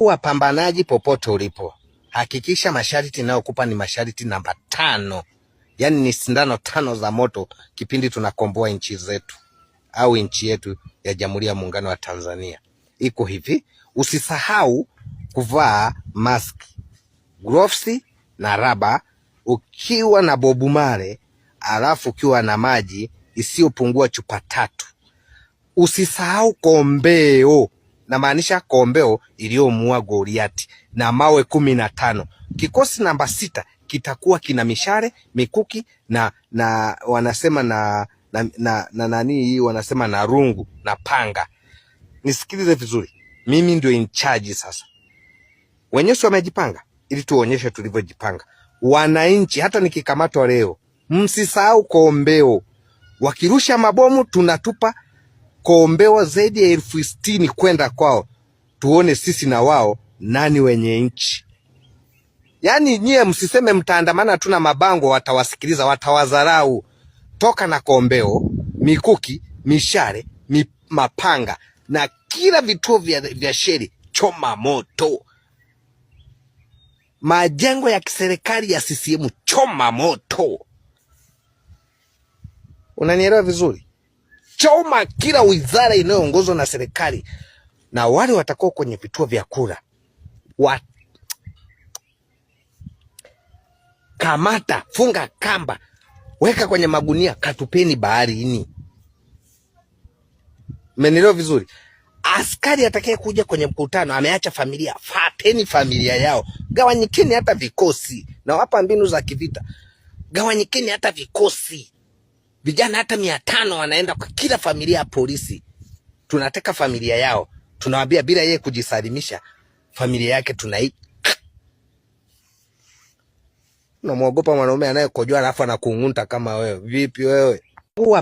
Kuwa pambanaji popote ulipo, hakikisha masharti nayokupa ni masharti namba tano, yaani ni sindano tano za moto kipindi tunakomboa nchi zetu au nchi yetu ya Jamhuri ya Muungano wa Tanzania. Iko hivi, usisahau kuvaa mask, gloves na raba ukiwa na bobu mare, alafu ukiwa na maji isiyopungua chupa tatu. Usisahau kombeo namaanisha kombeo iliyomua Goliati na mawe kumi na tano. Kikosi namba sita kitakuwa kina mishale, mikuki na na wanasema na na, na, na nani hii wanasema na rungu na panga. Nisikilize vizuri, mimi ndio in charge sasa. Wenyewe wamejipanga ili tuonyeshe tulivyojipanga. Wananchi, hata nikikamatwa leo, msisahau kombeo. Wakirusha mabomu tunatupa kuombewa zaidi ya elfu sitini kwenda kwao, tuone sisi na wao nani wenye nchi. Yaani nyie msiseme mtaandamana, na mabango, watawasikiliza, watawadharau. Toka na kombeo, mikuki, mishale, mapanga na kila vituo vya, vya sheri, choma moto majengo ya kiserikali ya CCM, choma moto. Unanielewa vizuri? choma kila wizara inayoongozwa na serikali na wale watakuwa kwenye vituo vya kura wa... Kamata, funga kamba, weka kwenye magunia, katupeni baharini. Menelewa vizuri? Askari atakaye kuja kwenye mkutano ameacha familia, fateni familia yao, gawanyikeni hata vikosi, na wapa mbinu za kivita, gawanyikeni hata vikosi vijana hata mia tano wanaenda kwa kila familia ya polisi, tunateka familia yao, tunawaambia bila yeye kujisalimisha familia yake tunai unamwogopa mwanaume anayekojoa alafu anakung'unta kama wewe. Vipi wewe?